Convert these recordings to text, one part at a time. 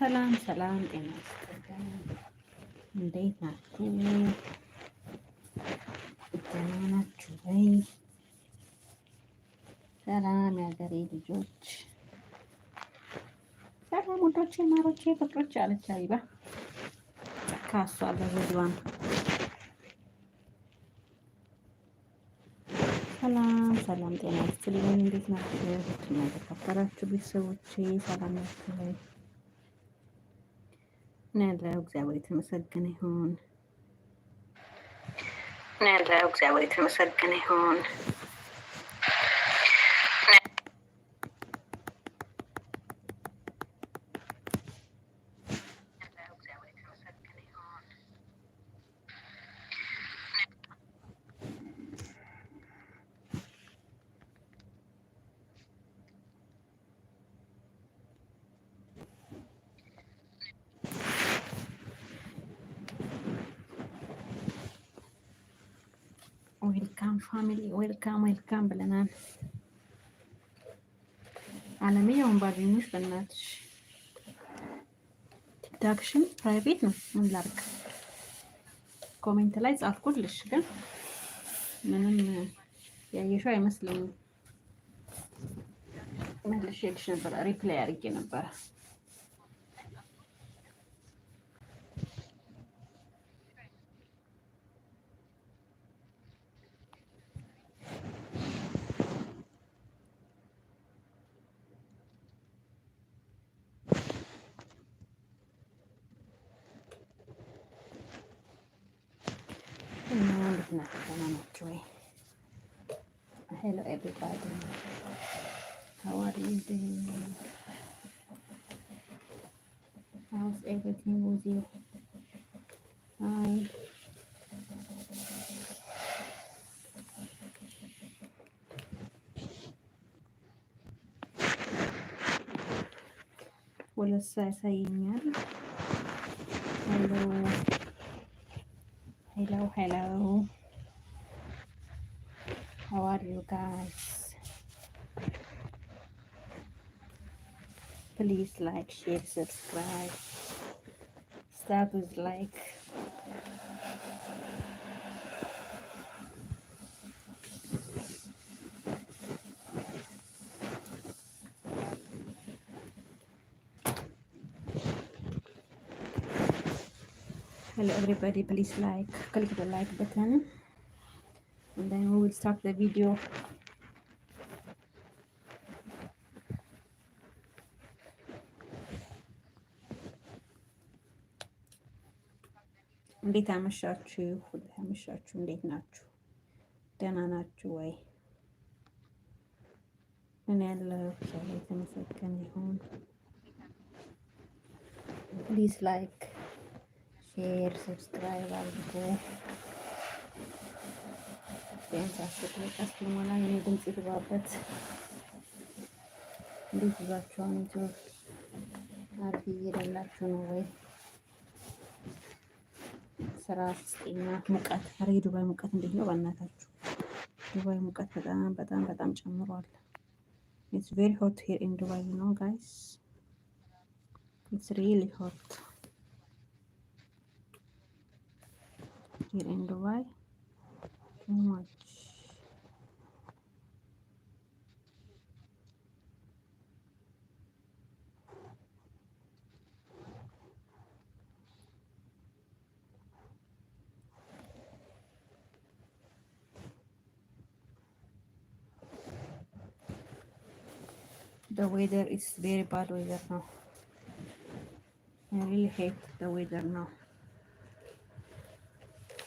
ሰላም ሰላም፣ ጤና ይስጥልኝ። እንዴት ናችሁ? ደህና ናችሁ ወይ? ሰላም የሀገሬ ልጆች፣ ሰላም ወዶቼ፣ ማሮቼ፣ ፍቅሮች አለች አይባ ካሷ ለህዝባን ሰላም ሰላም፣ ጤና ይስጥልኝ። እንዴት ናችሁ? የተከበራችሁ ቤተሰቦቼ ሰላም ናችሁ ወይ? ያለው እግዚአብሔር የተመሰገነ ይሁን። ያለው እግዚአብሔር የተመሰገነ ይሁን። ዌልካም ፋሚሊ ዌልካም ዌልካም ብለናል። አለምየውን ባገኙሽ በእናትሽ ቲክታክሽን ፕራይቬት ነው። ምን ላድርግ? ኮሜንት ላይ ጻፍኩልሽ፣ ግን ምንም ያየሽው አይመስለኝም። መልሼልሽ ነበረ፣ ሪፕላይ አድርጌ ነበረ። na Hello everybody. How are you doing? How's everything with you? Hi. Hello. Hello, hello. How are you guys? Please like, share, subscribe. Start with like. Hello everybody, please like. Click the like button and then we will start the video እንዴት አመሻችሁ? ሁሉ አመሻችሁ። እንዴት ናችሁ? ደህና ናችሁ ወይ? እኔ ያለው እግዚአብሔር የተመሰገነ ይሁን። ፕሊዝ ላይክ፣ ሼር፣ ሰብስክራይብ አድርጉ። ቢያንስ አስር ደቂቃ እስኪሞላ የኔ ድምፅ ይግባበት። እንዴት ይዟችኋል? ዩቲዩብ አሪፍ እየሄደላችሁ ነው ወይ? ስራ ስጤና ሙቀት፣ ኧረ የዱባይ ሙቀት እንዴት ነው በእናታችሁ? ዱባይ ሙቀት በጣም በጣም በጣም ጨምሯል። ኢትስ ቬሪ ሆት ሄር ኢን ዱባይ ዩ ኖ ጋይስ ኢትስ ሪሊ ሆት ሄር ኢን ዱባይ ኦ ማይ ዌዘር ኢዝ ቬሪ ባድ ዌዘር ነው። ሪሊ ሄት ዌዘር ነው።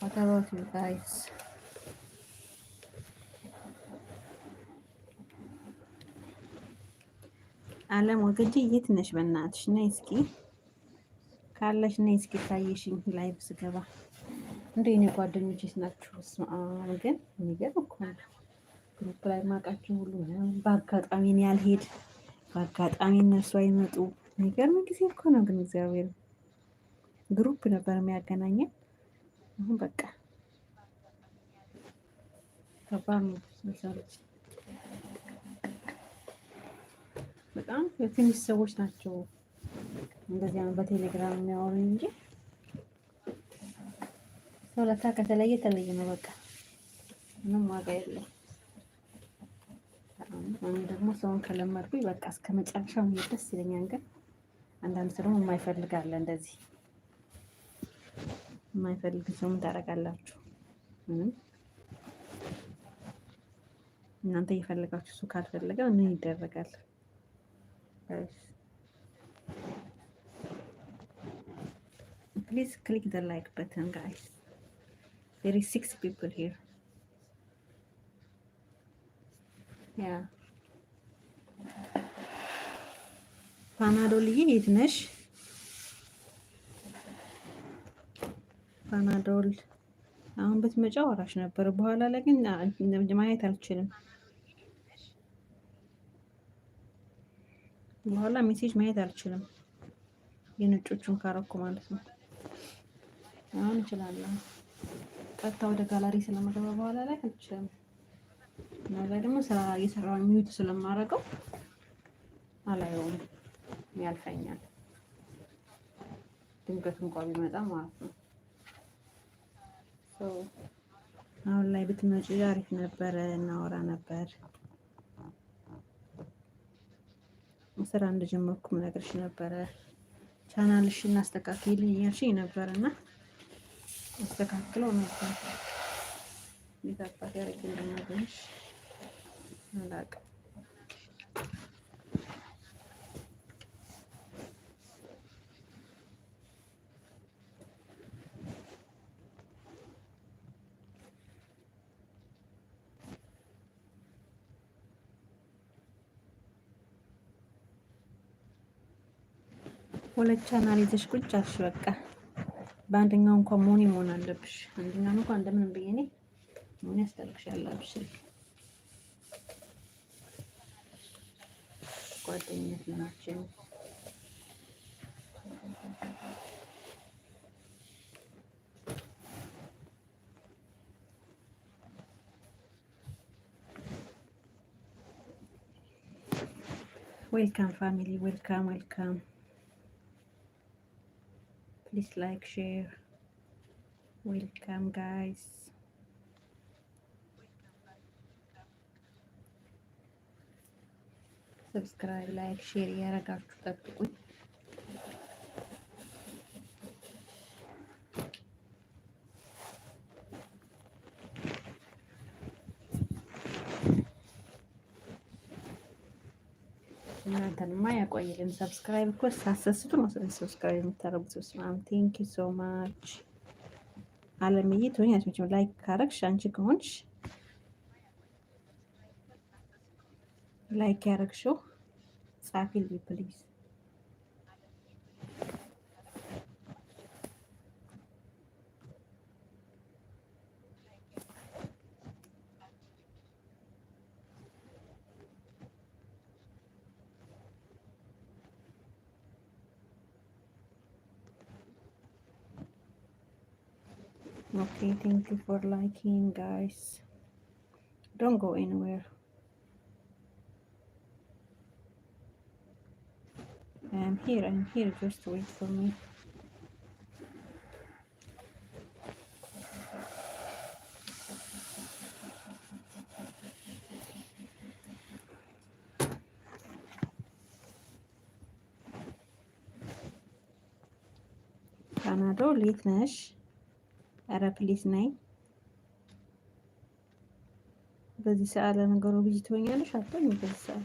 ዋት አባውት ዩ ጋይስ? አለም ወገጄ የት ነሽ? በእናትሽ ነይ እስኪ ካለሽ ነይ እስኪ ታየሽኝ። ላይቭ ስገባ እንደ እኔ ጓደኞቼስ ናችሁ? በስመ ግን የሚገርም እኮ ነው። ግሩፕ ላይ ማውቃችሁ ሁሉ በአጋጣሚ ያልሄድ በአጋጣሚ እነሱ አይመጡ። የሚገርም ጊዜ እኮ ነው። ግን እግዚአብሔር ግሩፕ ነበር የሚያገናኘን። አሁን በቃ ከባድ ነው። በጣም የትንሽ ሰዎች ናቸው እንደዚያ ነው በቴሌግራም የሚያወሩ እንጂ ሰው ለካ ከተለየ ተለየ ነው። በቃ ምንም ዋጋ የለም። ወይም ደግሞ ሰውን ከለመድኩ በቃ እስከ መጨረሻው ደስ ይለኛል። ግን አንዳንድ ሰው ደግሞ የማይፈልግ አለ። እንደዚህ የማይፈልግ ሰው ምን ታደርጋላችሁ? እናንተ እየፈለጋችሁ እሱ ካልፈለገ ምን ይደረጋል? ፕሊዝ ክሊክ ደ ላይክ በተን ጋይስ ዜር ኢዝ ሲክስ ፒፕል ሂር ያ ፓናዶልዬ የት ነሽ? ፓናዶል አሁን ብትመጪ አወራሽ ነበር። በኋላ ላይ ግን ማየት አልችልም። በኋላ ሜሴጅ ማየት አልችልም። የነጮቹን ካረኩ ማለት ነው። አሁን እችላለሁ። ቀጥታ ወደ ጋላሪ ስለመገባ በኋላ ላይ አልችልም። እና ደግሞ ስራ እየሰራሁ ሚዩት ስለማደርገው አላየውም። ያልፈኛል። ድንገት እንኳ ቢመጣ ማለት ነው። አሁን ላይ ብትመጪ አሪፍ ነበረ፣ እናወራ ነበር። ስራ እንደጀመርኩም ነገርሽ ነበረ። ቻናልሽን አስተካክይልኝ እያልሽኝ ነበርና አስተካክለው ነበር። እንዴት አባት ያደርግልኝ ነገርሽ አላውቅም። ሁለት ቻናል ይዘሽ ቁጭ አልሽ። በቃ በአንደኛው እንኳን ሞኒ መሆን አለብሽ። አንደኛው እንኳን እንደምንም ብዬ እኔ መሆን ያስፈልግሻል አልሽ። ጓደኝነት ምናችን ዌልካም ፋሚሊ ዌልካም ዌልካም please like share welcome guys subscribe like share yaaraga to. እናንተንማ ያቆይልን። ሰብስክራይብ እኮ ሳሰስቱ ነው ሰብስክራይብ የምታደርጉት። ስማም ቴንክ ዩ ሶ ማች አለምዬ ትሆኝ ያስመችም ላይክ ካረግሽ አንቺ ከሆንሽ ላይክ ያረግሽው ጻፊ ልቢ ፕሊዝ okay thank you for liking guys don't go anywhere i'm here i'm here just wait for me أنا رولي ኧረ ፕሊስ ናይ በዚህ ሰዓት ለነገሩ ልጅ ትሆኛለሽ አትሆኝ። በዚህ ሰዓት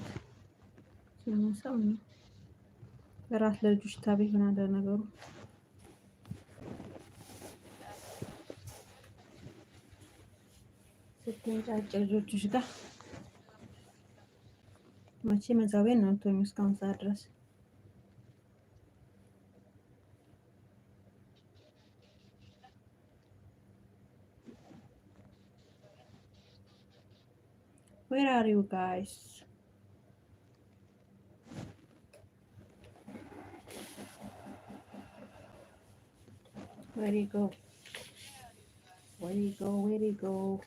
ሰው ነው እራት ለልጆች ታቢ ይሆናል ለነገሩ። ስትንጫጭ ልጆችሽ ጋር መቼ መዛቤን ነው ትሆኙ እስካሁን ሰዓት ድረስ Where are you guys? Where do you go? Where do you go? Where do you go?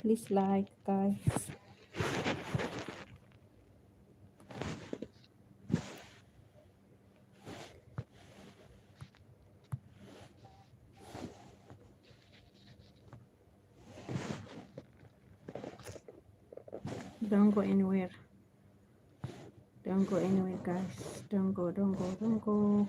Please like, guys. go anywhere. Don't go anywhere, guys. Don't go, don't go, don't go.